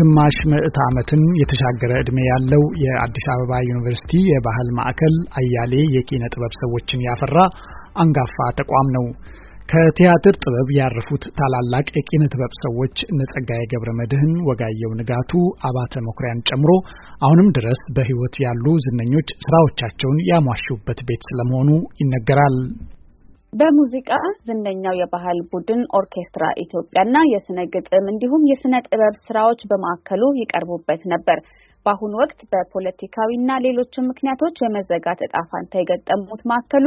ግማሽ ምዕት ዓመትን የተሻገረ ዕድሜ ያለው የአዲስ አበባ ዩኒቨርሲቲ የባህል ማዕከል አያሌ የኪነ ጥበብ ሰዎችን ያፈራ አንጋፋ ተቋም ነው። ከቲያትር ጥበብ ያረፉት ታላላቅ የኪነ ጥበብ ሰዎች እነ ጸጋዬ ገብረ መድህን፣ ወጋየው ንጋቱ፣ አባተ መኩሪያን ጨምሮ አሁንም ድረስ በሕይወት ያሉ ዝነኞች ስራዎቻቸውን ያሟሹበት ቤት ስለመሆኑ ይነገራል። በሙዚቃ ዝነኛው የባህል ቡድን ኦርኬስትራ ኢትዮጵያና የስነ ግጥም እንዲሁም የስነ ጥበብ ስራዎች በማዕከሉ ይቀርቡበት ነበር። በአሁኑ ወቅት በፖለቲካዊና ሌሎችም ምክንያቶች የመዘጋት እጣ የገጠሙት ማዕከሉ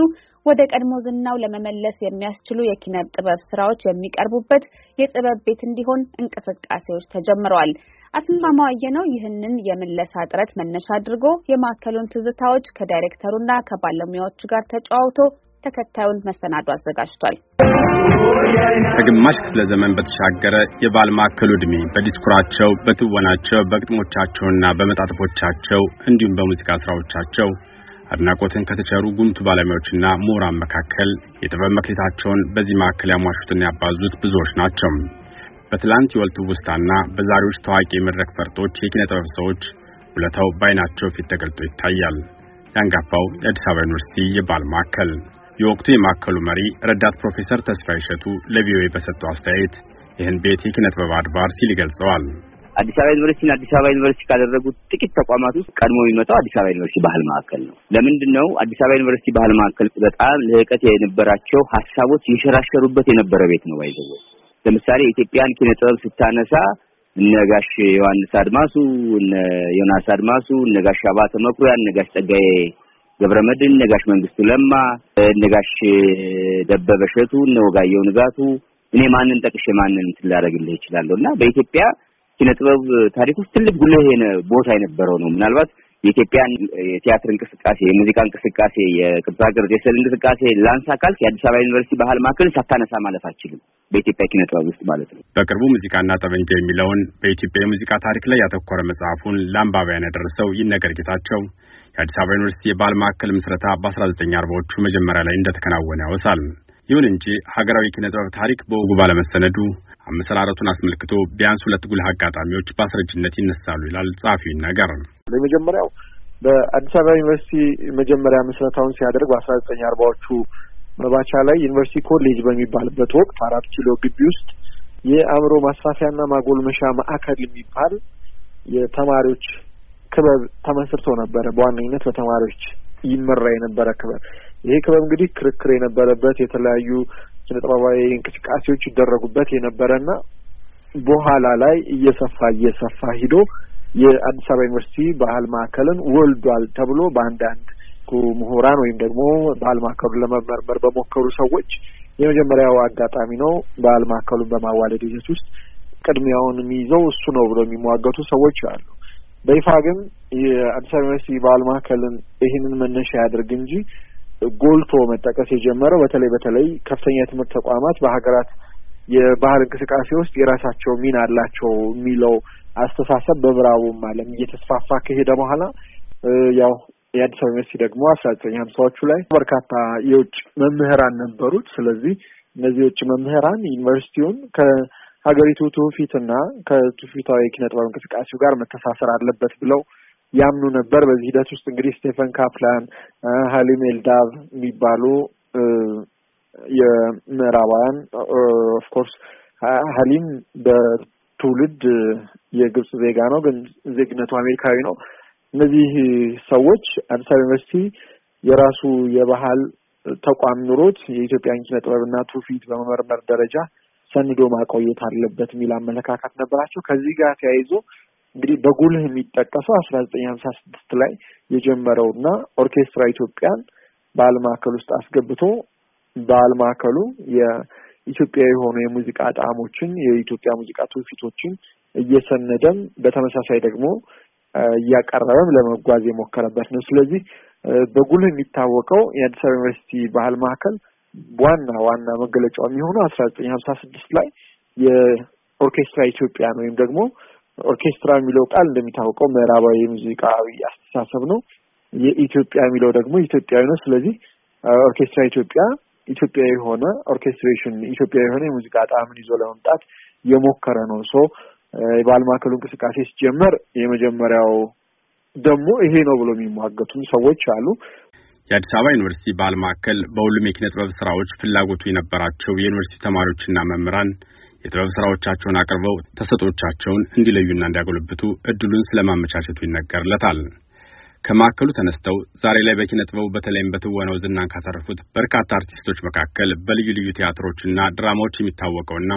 ወደ ቀድሞ ዝናው ለመመለስ የሚያስችሉ የኪነ ጥበብ ስራዎች የሚቀርቡበት የጥበብ ቤት እንዲሆን እንቅስቃሴዎች ተጀምረዋል። አስማማው ነው ይህንን የምለሳ ጥረት መነሻ አድርጎ የማዕከሉን ትዝታዎች ከዳይሬክተሩና ከባለሙያዎቹ ጋር ተጨዋውቶ ተከታዩን መሰናዶ አዘጋጅቷል። ከግማሽ ክፍለ ዘመን በተሻገረ የባል ማዕከሉ ዕድሜ በዲስኩራቸው፣ በትወናቸው፣ በግጥሞቻቸውና በመጣጥፎቻቸው እንዲሁም በሙዚቃ ስራዎቻቸው አድናቆትን ከተቸሩ ጉምቱ ባለሙያዎችና ምሁራን መካከል የጥበብ መክሊታቸውን በዚህ ማዕከል ያሟሹትና ያባዙት ብዙዎች ናቸው። በትላንት የወልቱ ውስታና በዛሬዎች ታዋቂ የመድረክ ፈርጦች የኪነ ጥበብ ሰዎች ውለታው በአይናቸው ፊት ተገልጦ ይታያል። የአንጋፋው የአዲስ አበባ ዩኒቨርሲቲ የባል ማዕከል የወቅቱ የማዕከሉ መሪ ረዳት ፕሮፌሰር ተስፋ ይሸቱ ለቪኦኤ በሰጠው አስተያየት ይህን ቤት የኪነ ጥበብ አድባር ሲል ይገልጸዋል። አዲስ አበባ ዩኒቨርሲቲና አዲስ አበባ ዩኒቨርሲቲ ካደረጉት ጥቂት ተቋማት ውስጥ ቀድሞ የሚመጣው አዲስ አበባ ዩኒቨርሲቲ ባህል ማዕከል ነው። ለምንድን ነው አዲስ አበባ ዩኒቨርሲቲ ባህል ማዕከል በጣም ልህቀት የነበራቸው ሀሳቦች የሸራሸሩበት የነበረ ቤት ነው። ባይዘወ ለምሳሌ የኢትዮጵያን ኪነ ጥበብ ስታነሳ እነ ጋሽ ዮሐንስ አድማሱ፣ እነ ዮናስ አድማሱ፣ እነ ጋሽ አባተ መኩሪያ፣ እነ ጋሽ ጸጋዬ ገብረመድህን፣ ነጋሽ መንግስቱ ለማ፣ ነጋሽ ደበበ እሸቱ፣ እነ ወጋየሁ ንጋቱ እኔ ማንን ጠቅሼ ማንን ትላደርግልህ እችላለሁ እና በኢትዮጵያ ኪነ ጥበብ ታሪክ ውስጥ ትልቅ ጉልህ ቦታ የነበረው ነው። ምናልባት የኢትዮጵያን የቲያትር እንቅስቃሴ፣ የሙዚቃ እንቅስቃሴ፣ የቅርጻ ቅርጽ፣ የስዕል እንቅስቃሴ ላንሳ ካልክ የአዲስ አበባ ዩኒቨርሲቲ ባህል ማዕከል ሳታነሳ ማለፍ አችልም። በኢትዮጵያ ኪነ ጥበብ ውስጥ ማለት ነው። በቅርቡ ሙዚቃና ጠበንጃ የሚለውን በኢትዮጵያ የሙዚቃ ታሪክ ላይ ያተኮረ መጽሐፉን ለአንባቢያን ያደረሰው ይነገር ጌታቸው የአዲስ አበባ ዩኒቨርሲቲ የባህል ማዕከል ምስረታ በ1940ዎቹ መጀመሪያ ላይ እንደተከናወነ ያወሳል። ይሁን እንጂ ሀገራዊ ኪነ ጥበብ ታሪክ በወጉ ባለመሰነዱ አመሰራረቱን አስመልክቶ ቢያንስ ሁለት ጉልህ አጋጣሚዎች በአስረጅነት ይነሳሉ ይላል ጸሐፊው ነገር። የመጀመሪያው በአዲስ አበባ ዩኒቨርሲቲ መጀመሪያ ምስረታውን ሲያደርግ በአስራ ዘጠኝ አርባዎቹ መባቻ ላይ ዩኒቨርሲቲ ኮሌጅ በሚባልበት ወቅት አራት ኪሎ ግቢ ውስጥ የአእምሮ ማስፋፊያና ማጎልመሻ ማዕከል የሚባል የተማሪዎች ክበብ ተመስርቶ ነበረ። በዋነኝነት በተማሪዎች ይመራ የነበረ ክበብ። ይሄ ክበብ እንግዲህ ክርክር የነበረበት የተለያዩ ስነ ጥበባዊ እንቅስቃሴዎች ይደረጉበት የነበረና በኋላ ላይ እየሰፋ እየሰፋ ሂዶ የአዲስ አበባ ዩኒቨርሲቲ ባህል ማዕከልን ወልዷል ተብሎ በአንዳንድ ምሁራን ወይም ደግሞ ባህል ማዕከሉን ለመመርመር በሞከሩ ሰዎች የመጀመሪያው አጋጣሚ ነው። ባህል ማዕከሉን በማዋለድ ሂደት ውስጥ ቅድሚያውን የሚይዘው እሱ ነው ብሎ የሚሟገቱ ሰዎች አሉ። በይፋ ግን የአዲስ አበባ ዩኒቨርሲቲ ባህል ማዕከልን ይህንን መነሻ ያደርግ እንጂ ጎልቶ መጠቀስ የጀመረው በተለይ በተለይ ከፍተኛ የትምህርት ተቋማት በሀገራት የባህል እንቅስቃሴ ውስጥ የራሳቸው ሚና አላቸው የሚለው አስተሳሰብ በምዕራቡም ዓለም እየተስፋፋ ከሄደ በኋላ ያው የአዲስ አበባ ዩኒቨርሲቲ ደግሞ አስራ ዘጠኝ ሀምሳዎቹ ላይ በርካታ የውጭ መምህራን ነበሩት። ስለዚህ እነዚህ የውጭ መምህራን ዩኒቨርሲቲውን ከ ሀገሪቱ ትውፊትና ከትውፊታዊ ኪነጥበብ እንቅስቃሴው ጋር መተሳሰር አለበት ብለው ያምኑ ነበር። በዚህ ሂደት ውስጥ እንግዲህ ስቴፈን ካፕላን፣ ሀሊም ኤልዳብ የሚባሉ የምዕራባውያን ኦፍኮርስ ሀሊም በትውልድ የግብጽ ዜጋ ነው፣ ግን ዜግነቱ አሜሪካዊ ነው። እነዚህ ሰዎች አዲስ አበባ ዩኒቨርሲቲ የራሱ የባህል ተቋም ኑሮት የኢትዮጵያን ኪነ ጥበብና ትውፊት በመመርመር ደረጃ ሰንዶ ማቆየት አለበት የሚል አመለካከት ነበራቸው። ከዚህ ጋር ተያይዞ እንግዲህ በጉልህ የሚጠቀሰው አስራ ዘጠኝ ሀምሳ ስድስት ላይ የጀመረው እና ኦርኬስትራ ኢትዮጵያን በዓል ማዕከል ውስጥ አስገብቶ በዓል ማዕከሉ የኢትዮጵያ የሆኑ የሙዚቃ ጣዕሞችን የኢትዮጵያ ሙዚቃ ትውፊቶችን እየሰነደም በተመሳሳይ ደግሞ እያቀረበም ለመጓዝ የሞከረበት ነው። ስለዚህ በጉልህ የሚታወቀው የአዲስ አበባ ዩኒቨርሲቲ ባህል ማዕከል ዋና ዋና መገለጫው የሚሆነው አስራ ዘጠኝ ሀምሳ ስድስት ላይ የኦርኬስትራ ኢትዮጵያን ወይም ደግሞ ኦርኬስትራ የሚለው ቃል እንደሚታወቀው ምዕራባዊ የሙዚቃዊ አስተሳሰብ ነው። የኢትዮጵያ የሚለው ደግሞ ኢትዮጵያዊ ነው። ስለዚህ ኦርኬስትራ ኢትዮጵያ ኢትዮጵያ የሆነ ኦርኬስትሬሽን ኢትዮጵያ የሆነ የሙዚቃ ጣዕምን ይዞ ለመምጣት የሞከረ ነው። ሶ የባህል ማዕከሉ እንቅስቃሴ ሲጀመር የመጀመሪያው ደግሞ ይሄ ነው ብሎ የሚሟገቱም ሰዎች አሉ። የአዲስ አበባ ዩኒቨርሲቲ ባህል ማዕከል በሁሉም የኪነ ጥበብ ስራዎች ፍላጎቱ የነበራቸው የዩኒቨርሲቲ ተማሪዎችና መምህራን የጥበብ ስራዎቻቸውን አቅርበው ተሰጦቻቸውን እንዲለዩና እንዲያጎለብቱ እድሉን ስለማመቻቸቱ ይነገርለታል። ከማዕከሉ ተነስተው ዛሬ ላይ በኪነ ጥበቡ በተለይም በትወነው ዝናን ካተረፉት በርካታ አርቲስቶች መካከል በልዩ ልዩ ቲያትሮችና ድራማዎች የሚታወቀውና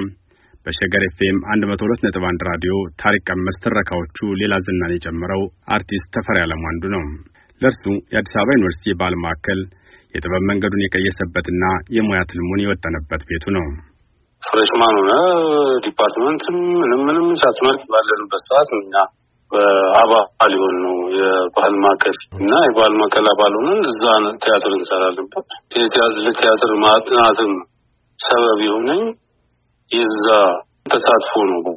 በሸገር ኤፍኤም 102.1 ራዲዮ ታሪክ ቀመስ ትረካዎቹ ሌላ ዝናን የጨመረው አርቲስት ተፈሪ ዓለሙ አንዱ ነው። ለእርሱ የአዲስ አበባ ዩኒቨርሲቲ የባህል ማዕከል የጥበብ መንገዱን የቀየሰበትና የሙያ ትልሙን የወጠነበት ቤቱ ነው። ፍሬሽማን ሆነ ዲፓርትመንትም ምንም ምንም ሳትመርጥ ባለንበት ሰዓት እኛ አባል ሊሆን ነው የባህል ማዕከል እና የባህል ማዕከል አባል ሆነን እዛ ቲያትር እንሰራለን። ቲያትር ማጥናትም ሰበብ የሆነኝ የዛ ተሳትፎ ነው።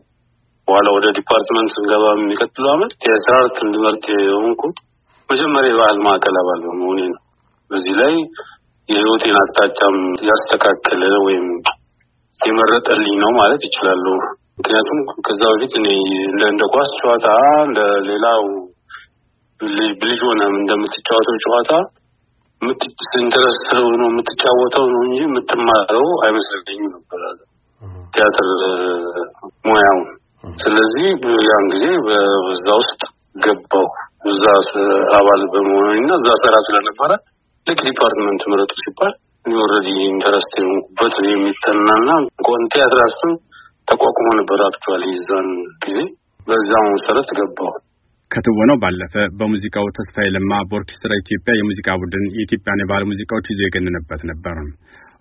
በኋላ ወደ ዲፓርትመንት ስንገባ የሚቀጥሉ አመት ቲያትር አርት እንድመርጥ የሆንኩት መጀመሪያ የባህል ማዕከል አባል በመሆኔ ነው። በዚህ ላይ የህይወቴን አቅጣጫም ያስተካከለ ወይም የመረጠልኝ ነው ማለት ይችላሉ ምክንያቱም ከዛ በፊት እኔ እንደ ኳስ ጨዋታ እንደ ሌላው ልጅ ሆነም እንደምትጫወተው ጨዋታ ኢንተረስት ነው የምትጫወተው ነው እንጂ የምትማረው አይመስለኝም ነበር ቲያትር ሙያው። ስለዚህ ያን ጊዜ በዛ ውስጥ ገባሁ። እዛ አባል በመሆን እና እዛ ስራ ስለነበረ ልክ ዲፓርትመንት ምረጡ ሲባል ኦልሬዲ ኢንተረስት የሆንኩበት የሚጠናና ቆንቴ አትራስም ተቋቁሞ ነበር አክቹዋሊ እዛን ጊዜ በዛ መሰረት ገባው። ከትወነው ባለፈ በሙዚቃው ተስፋዬ ለማ በኦርኬስትራ ኢትዮጵያ የሙዚቃ ቡድን የኢትዮጵያን የባህል ሙዚቃዎች ይዞ የገነነበት ነበር።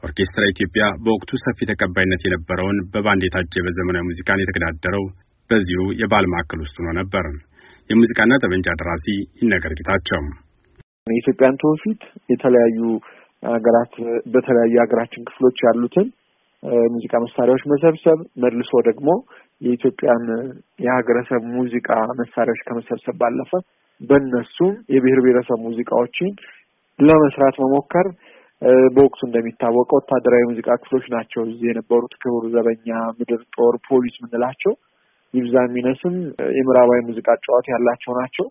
ኦርኬስትራ ኢትዮጵያ በወቅቱ ሰፊ ተቀባይነት የነበረውን በባንድ የታጀበ ዘመናዊ ሙዚቃን የተገዳደረው በዚሁ የባህል ማዕከል ውስጥ ሆኖ ነበር። የሙዚቃና ጠመንጃ ደራሲ ይነገር ጌታቸው የኢትዮጵያን ትውፊት የተለያዩ ሀገራት በተለያዩ ሀገራችን ክፍሎች ያሉትን ሙዚቃ መሳሪያዎች መሰብሰብ መልሶ ደግሞ የኢትዮጵያን የሀገረሰብ ሙዚቃ መሳሪያዎች ከመሰብሰብ ባለፈ በእነሱም የብሔር ብሔረሰብ ሙዚቃዎችን ለመስራት መሞከር በወቅቱ እንደሚታወቀው ወታደራዊ ሙዚቃ ክፍሎች ናቸው እዚህ የነበሩት። ክቡር ዘበኛ፣ ምድር ጦር፣ ፖሊስ ምንላቸው ይብዛ የሚነስም የምዕራባዊ ሙዚቃ ጨዋታ ያላቸው ናቸው፣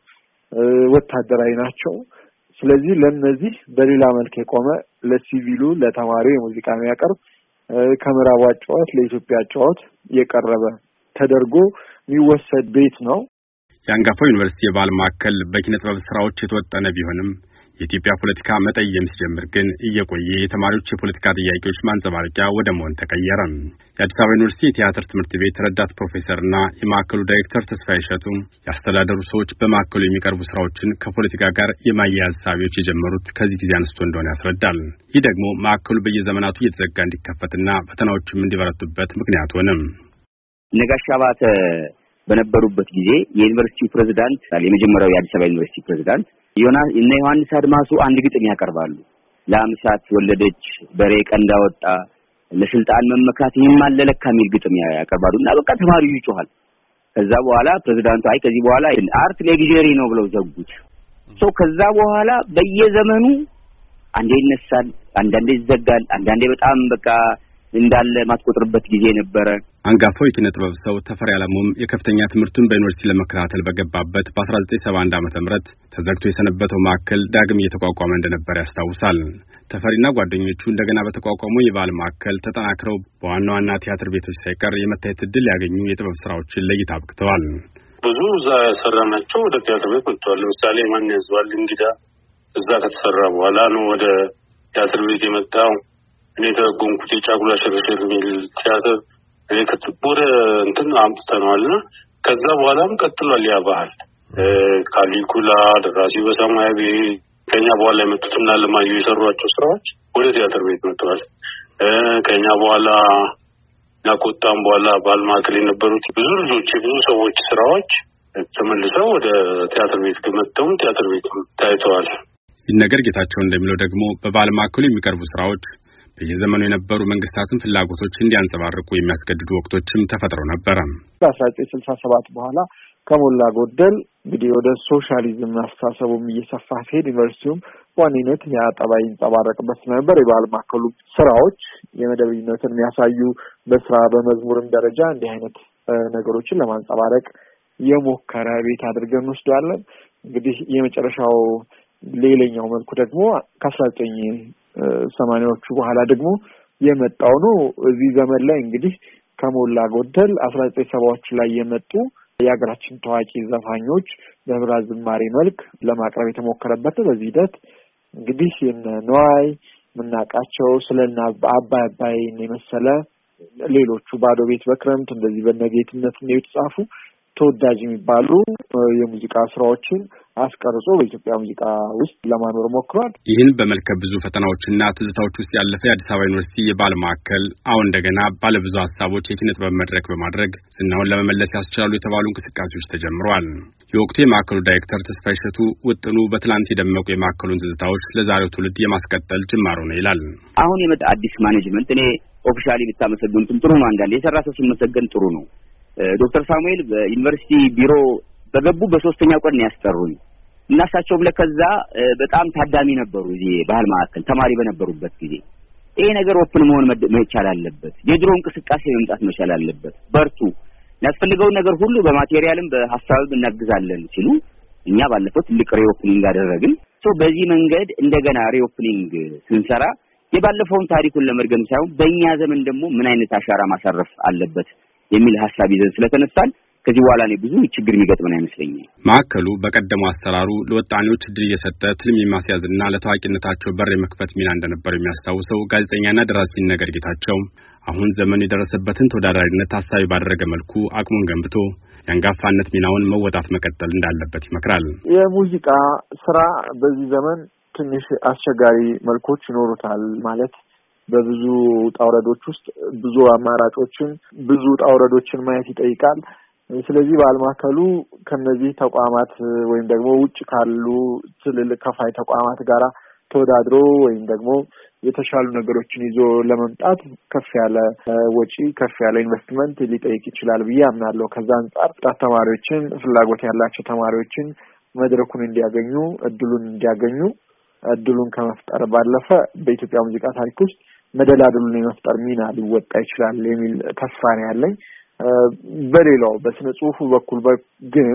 ወታደራዊ ናቸው። ስለዚህ ለእነዚህ በሌላ መልክ የቆመ ለሲቪሉ ለተማሪው የሙዚቃ የሚያቀርብ ከምዕራቡ አጨዋወት ለኢትዮጵያ አጨዋወት የቀረበ ተደርጎ የሚወሰድ ቤት ነው። የአንጋፋው ዩኒቨርሲቲ የባህል ማዕከል በኪነ ጥበብ ስራዎች የተወጠነ ቢሆንም የኢትዮጵያ ፖለቲካ መጠየም ሲጀምር ግን እየቆየ የተማሪዎች የፖለቲካ ጥያቄዎች ማንጸባረቂያ ወደ መሆን ተቀየረ። የአዲስ አበባ ዩኒቨርሲቲ የቲያትር ትምህርት ቤት ረዳት ፕሮፌሰርና የማዕከሉ ዳይሬክተር ተስፋ እሸቱ ያስተዳደሩ ሰዎች በማዕከሉ የሚቀርቡ ስራዎችን ከፖለቲካ ጋር የማያያዝ ሳቢዎች የጀመሩት ከዚህ ጊዜ አንስቶ እንደሆነ ያስረዳል። ይህ ደግሞ ማዕከሉ በየዘመናቱ እየተዘጋ እንዲከፈትና ፈተናዎችም እንዲበረቱበት ምክንያት ሆንም ነጋሽ አባተ በነበሩበት ጊዜ የዩኒቨርሲቲው ፕሬዚዳንት የመጀመሪያው የአዲስ አበባ ዩኒቨርሲቲ ፕሬዚዳንት ዮናስ እነ ዮሐንስ አድማሱ አንድ ግጥም ያቀርባሉ። ለአምሳት ወለደች በሬ ቀንዳ ወጣ ለስልጣን መመካት ይማለለካ የሚል ግጥም ያቀርባሉ እና በቃ ተማሪው ይጮሃል። ከዛ በኋላ ፕሬዝዳንቱ አይ ከዚህ በኋላ አርት ሌግጀሪ ነው ብለው ዘጉት። ሰው ከዛ በኋላ በየዘመኑ አንዴ ይነሳል፣ አንዳንዴ ይዘጋል፣ አንዳንዴ በጣም በቃ እንዳለ ማስቆጥርበት ጊዜ ነበረ። አንጋፋው የኪነ ጥበብ ሰው ተፈሪ አለሙም የከፍተኛ ትምህርቱን በዩኒቨርሲቲ ለመከታተል በገባበት በ1971 ዓ ም ተዘግቶ የሰነበተው ማዕከል ዳግም እየተቋቋመ እንደነበረ ያስታውሳል። ተፈሪና ጓደኞቹ እንደገና በተቋቋመው የባህል ማዕከል ተጠናክረው በዋና ዋና ቲያትር ቤቶች ሳይቀር የመታየት እድል ያገኙ የጥበብ ስራዎችን ለእይታ አብቅተዋል። ብዙ እዛ ናቸው ወደ ቲያትር ቤት መጥተዋል። ለምሳሌ ማን ያዝባል እንግዳ እዛ ከተሰራ በኋላ ነው ወደ ቲያትር ቤት የመጣው። እኔ የተረጎምኩት የጫጉላ ሽርሽር የሚል ቲያትር ወደ እንትን አምጥተነዋልና ከዛ በኋላም ቀጥሏል። ያ ባህል ካሊኩላ፣ ደራሲ በሰማያዊ ከኛ በኋላ የመጡትና ለማዩ የሰሯቸው ስራዎች ወደ ቲያትር ቤት መጥተዋል። ከኛ በኋላ እና በኋላ ባህል ማዕከል የነበሩት ብዙ ልጆች የብዙ ሰዎች ስራዎች ተመልሰው ወደ ቲያትር ቤት መጥተውም ቲያትር ቤት ታይተዋል። ይነገር ጌታቸው እንደሚለው ደግሞ በባህል ማዕከሉ የሚቀርቡ ስራዎች በየዘመኑ የነበሩ መንግስታትን ፍላጎቶች እንዲያንጸባርቁ የሚያስገድዱ ወቅቶችም ተፈጥሮ ነበረ። በአስራ ዘጠኝ ስልሳ ሰባት በኋላ ከሞላ ጎደል እንግዲህ ወደ ሶሻሊዝም አስተሳሰቡም እየሰፋ ሲሄድ ዩኒቨርሲቲውም በዋነኝነት ያ ጠባይ ይንጸባረቅበት ስለነበር የባህል ማዕከሉ ስራዎች የመደበኝነትን የሚያሳዩ በስራ በመዝሙርም ደረጃ እንዲህ አይነት ነገሮችን ለማንጸባረቅ የሞከረ ቤት አድርገን እንወስደዋለን። እንግዲህ የመጨረሻው ሌላኛው መልኩ ደግሞ ከአስራ ዘጠኝ ሰማኒያዎቹ በኋላ ደግሞ የመጣው ነው። እዚህ ዘመን ላይ እንግዲህ ከሞላ ጎደል አስራ ዘጠኝ ሰባዎች ላይ የመጡ የሀገራችን ታዋቂ ዘፋኞች በህብራ ዝማሬ መልክ ለማቅረብ የተሞከረበት ነው። በዚህ ሂደት እንግዲህ ነዋይ የምናውቃቸው ስለ አባይ አባይን የመሰለ ሌሎቹ ባዶ ቤት በክረምት እንደዚህ በነጌትነት የተጻፉ ተወዳጅ የሚባሉ የሙዚቃ ስራዎችን አስቀርጾ በኢትዮጵያ ሙዚቃ ውስጥ ለማኖር ሞክሯል። ይህን በመልከ ብዙ ፈተናዎችና ትዝታዎች ውስጥ ያለፈ የአዲስ አበባ ዩኒቨርሲቲ የባህል ማዕከል አሁን እንደገና ባለብዙ ሀሳቦች የኪነ ጥበብ መድረክ በማድረግ ዝናውን ለመመለስ ያስችላሉ የተባሉ እንቅስቃሴዎች ተጀምረዋል። የወቅቱ የማዕከሉ ዳይሬክተር ተስፋ ይሸቱ ውጥኑ በትናንት የደመቁ የማዕከሉን ትዝታዎች ለዛሬው ትውልድ የማስቀጠል ጅማሮ ነው ይላል። አሁን የመጣ አዲስ ማኔጅመንት እኔ ኦፊሻሊ ብታመሰግኑትም ጥሩ ነው። አንዳንድ የሰራ ሰው ሲመሰገን ጥሩ ነው። ዶክተር ሳሙኤል በዩኒቨርሲቲ ቢሮ በገቡ በሶስተኛ ቀን ነው ያስጠሩኝ እና እሳቸውም ለከዛ በጣም ታዳሚ ነበሩ። እዚህ ባህል ማዕከል ተማሪ በነበሩበት ጊዜ ይሄ ነገር ኦፕን መሆን መቻል አለበት፣ የድሮ እንቅስቃሴ መምጣት መቻል አለበት፣ በርቱ፣ የሚያስፈልገውን ነገር ሁሉ በማቴሪያልም በሀሳብም እናግዛለን ሲሉ እኛ ባለፈው ትልቅ ሪኦፕኒንግ አደረግን። በዚህ መንገድ እንደገና ሪኦፕኒንግ ስንሰራ የባለፈውን ታሪኩን ለመድገም ሳይሆን በእኛ ዘመን ደግሞ ምን አይነት አሻራ ማሳረፍ አለበት የሚል ሀሳብ ይዘን ስለተነሳል ከዚህ በኋላ እኔ ብዙ ችግር የሚገጥመን አይመስለኝም። ማዕከሉ በቀደመው አሰራሩ ለወጣኔዎች እድል እየሰጠ ትልም የማስያዝና ለታዋቂነታቸው በር የመክፈት ሚና እንደነበረው የሚያስታውሰው ጋዜጠኛና ደራሲ ነገር ጌታቸው አሁን ዘመኑ የደረሰበትን ተወዳዳሪነት ታሳቢ ባደረገ መልኩ አቅሙን ገንብቶ የአንጋፋነት ሚናውን መወጣት መቀጠል እንዳለበት ይመክራል። የሙዚቃ ስራ በዚህ ዘመን ትንሽ አስቸጋሪ መልኮች ይኖሩታል ማለት በብዙ ጣውረዶች ውስጥ ብዙ አማራጮችን ብዙ ጣውረዶችን ማየት ይጠይቃል። ስለዚህ ባል ማዕከሉ ከነዚህ ተቋማት ወይም ደግሞ ውጭ ካሉ ትልልቅ ከፋይ ተቋማት ጋራ ተወዳድሮ ወይም ደግሞ የተሻሉ ነገሮችን ይዞ ለመምጣት ከፍ ያለ ወጪ ከፍ ያለ ኢንቨስትመንት ሊጠይቅ ይችላል ብዬ አምናለሁ። ከዛ አንጻር ወጣት ተማሪዎችን፣ ፍላጎት ያላቸው ተማሪዎችን መድረኩን እንዲያገኙ እድሉን እንዲያገኙ እድሉን ከመፍጠር ባለፈ በኢትዮጵያ ሙዚቃ ታሪክ ውስጥ መደላድሉን የመፍጠር ሚና ሊወጣ ይችላል የሚል ተስፋ ነው ያለኝ። በሌላው በስነ ጽሁፉ በኩል ግን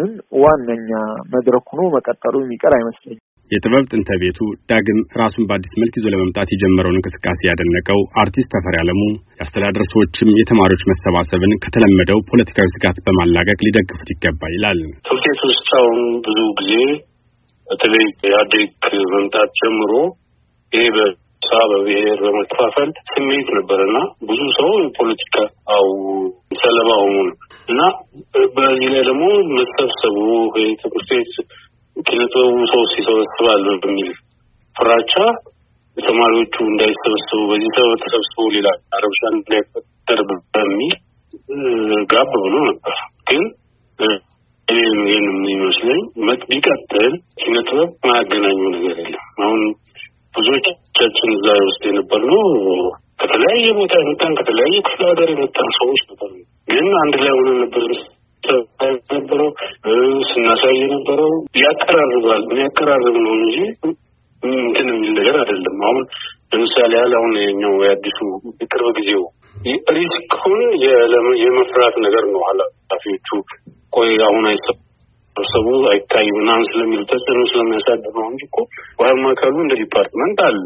ዋነኛ መድረክ ሆኖ መቀጠሉ የሚቀር አይመስለኝም። የጥበብ ጥንተ ቤቱ ዳግም ራሱን በአዲስ መልክ ይዞ ለመምጣት የጀመረውን እንቅስቃሴ ያደነቀው አርቲስት ተፈሪ አለሙ የአስተዳደር ሰዎችም የተማሪዎች መሰባሰብን ከተለመደው ፖለቲካዊ ስጋት በማላቀቅ ሊደግፉት ይገባል ይላል። ትምህርት ቤት ውስጥ አሁን ብዙ ጊዜ በተለይ ኢህአዴግ መምጣት ጀምሮ ይሄ ስራ በብሔር በመከፋፈል ስሜት ነበር እና ብዙ ሰው የፖለቲካው ሰለባ ሆኑ እና በዚህ ላይ ደግሞ መሰብሰቡ ትምህርት ቤት ኪነጥበቡ ሰው ሲሰበስባሉ በሚል ፍራቻ ተማሪዎቹ እንዳይሰበስቡ በዚህ ሰበብ ተሰብስቡ ሌላ አረብሻ እንዳይፈጠር በሚል ጋብ ብሎ ነበር። ግን ይህን ይህን የሚመስለኝ ቢቀጥል ኪነጥበብ ማያገናኙ ነገር የለም አሁን ብዙዎቻችን እዛ ውስጥ ነው። ከተለያየ ቦታ የመጣን ከተለያየ ክፍለ ሀገር የመጣን ሰዎች ነበር። ግን አንድ ላይ ሆነ ነበር ነበረው ስናሳይ የነበረው ያቀራርባል ያቀራርብ ነው እንጂ እንትን የሚል ነገር አይደለም። አሁን ለምሳሌ ያህል አሁን የኛው የአዲሱ ቅርብ ጊዜው ሪስኩን የመፍራት ነገር ነው ኃላፊዎቹ ቆይ አሁን አይሰ ሰቡ አይታይ ምናምን ስለሚሉ ተጽዕኖ ስለሚያሳድረው እንጂ እኮ ውሃ አካሉ እንደ ዲፓርትመንት አለ።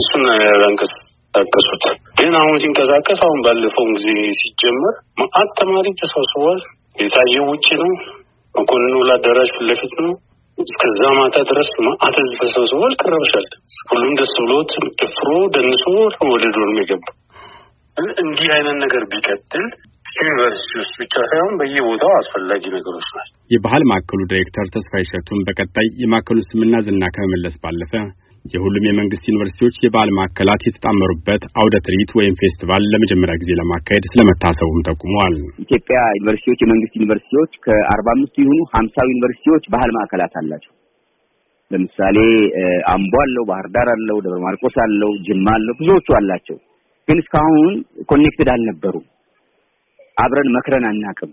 እሱን ያላንቀሳቀሱት ግን አሁን ሲንቀሳቀስ አሁን ባለፈውን ጊዜ ሲጀመር መአት ተማሪ ተሰብስቧል። የታየው ውጭ ነው። መኮንኑ ለአዳራሽ ፊት ለፊት ነው። እስከዛ ማታ ድረስ መአት ህዝብ ተሰብስቧል። ቀረብሻል። ሁሉም ደስ ብሎት ደፍሮ ደንሶ ወደ ዶርም የገባ እንዲህ አይነት ነገር ቢቀጥል ዩኒቨርሲቲ ውስጥ ብቻ ሳይሆን በየቦታው አስፈላጊ ነገሮች ናቸው። የባህል ማዕከሉ ዳይሬክተር ተስፋ ይሸቱን በቀጣይ የማዕከሉን ስምና ዝና ከመመለስ ባለፈ የሁሉም የመንግስት ዩኒቨርሲቲዎች የባህል ማዕከላት የተጣመሩበት አውደ ትርኢት ወይም ፌስቲቫል ለመጀመሪያ ጊዜ ለማካሄድ ስለመታሰቡም ጠቁመዋል። ኢትዮጵያ ዩኒቨርሲቲዎች የመንግስት ዩኒቨርሲቲዎች ከአርባ አምስቱ የሆኑ ሀምሳ ዩኒቨርሲቲዎች ባህል ማዕከላት አላቸው። ለምሳሌ አምቦ አለው፣ ባህር ዳር አለው፣ ደብረ ማርቆስ አለው፣ ጅማ አለው፣ ብዙዎቹ አላቸው። ግን እስካሁን ኮኔክትድ አልነበሩም። አብረን መክረን አናቅም።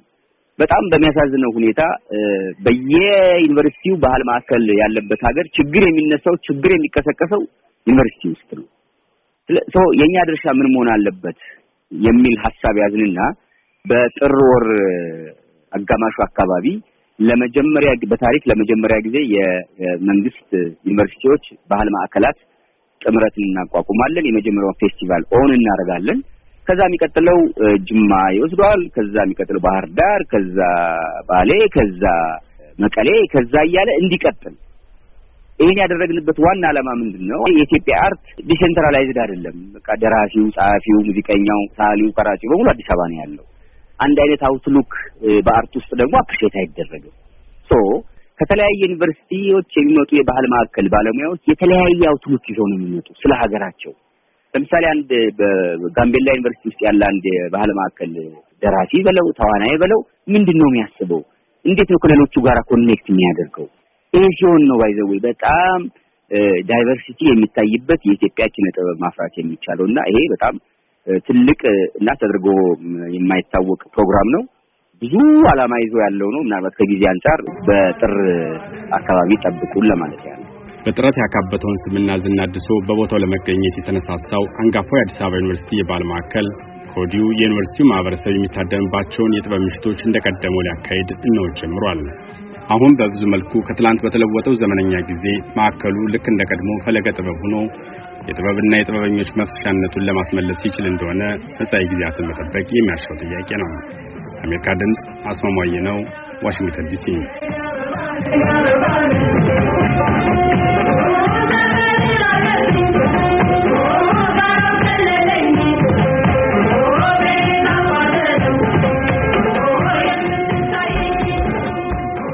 በጣም በሚያሳዝነው ሁኔታ በየዩኒቨርሲቲው ባህል ማዕከል ያለበት ሀገር ችግር የሚነሳው ችግር የሚቀሰቀሰው ዩኒቨርሲቲ ውስጥ ነው። የእኛ ድርሻ ምን መሆን አለበት የሚል ሀሳብ ያዝንና በጥር ወር አጋማሹ አካባቢ ለመጀመሪያ በታሪክ ለመጀመሪያ ጊዜ የመንግስት ዩኒቨርሲቲዎች ባህል ማዕከላት ጥምረት እናቋቁማለን። የመጀመሪያውን ፌስቲቫል ኦን እናደርጋለን። ከዛ የሚቀጥለው ጅማ ይወስደዋል። ከዛ የሚቀጥለው ባህር ዳር፣ ከዛ ባሌ፣ ከዛ መቀሌ፣ ከዛ እያለ እንዲቀጥል ይህን ያደረግንበት ዋና ዓላማ ምንድን ነው? የኢትዮጵያ አርት ዲሴንትራላይዝድ አይደለም። በቃ ደራሲው፣ ጸሐፊው፣ ሙዚቀኛው፣ ሳሊው፣ ቀራጺው በሙሉ አዲስ አበባ ነው ያለው። አንድ አይነት አውትሉክ በአርት ውስጥ ደግሞ አፕሪሼት አይደረግም። ሶ ከተለያየ ዩኒቨርሲቲዎች የሚመጡ የባህል ማዕከል ባለሙያዎች የተለያየ አውትሉክ ይዘው ነው የሚመጡ ስለ ሀገራቸው ለምሳሌ አንድ በጋምቤላ ዩኒቨርሲቲ ውስጥ ያለ አንድ የባህል ማዕከል ደራሲ በለው ተዋናይ በለው ምንድን ነው የሚያስበው? እንዴት ነው ከሌሎቹ ጋር ኮኔክት የሚያደርገው? ይህ ሲሆን ነው ባይዘው በጣም ዳይቨርሲቲ የሚታይበት የኢትዮጵያ ኪነ ጥበብ ማፍራት የሚቻለው እና ይሄ በጣም ትልቅ እና ተደርጎ የማይታወቅ ፕሮግራም ነው። ብዙ አላማ ይዞ ያለው ነው። ምናልባት ከጊዜ አንጻር በጥር አካባቢ ጠብቁን ለማለት ያለው በጥረት ያካበተውን ስምና ዝና አድሶ በቦታው ለመገኘት የተነሳሳው አንጋፋው የአዲስ አበባ ዩኒቨርሲቲ የባህል ማዕከል ከወዲሁ የዩኒቨርሲቲው ማህበረሰብ የሚታደምባቸውን የጥበብ ምሽቶች እንደቀደመው ሊያካሄድ እነሆ ጀምሯል። አሁን በብዙ መልኩ ከትላንት በተለወጠው ዘመነኛ ጊዜ ማዕከሉ ልክ እንደ ቀድሞ ፈለገ ጥበብ ሆኖ የጥበብና የጥበበኞች መፍሰሻነቱን ለማስመለስ ይችል እንደሆነ መጻኢ ጊዜያትን መጠበቅ የሚያሻው ጥያቄ ነው። አሜሪካ ድምፅ አስማማየ ነው፣ ዋሽንግተን ዲሲ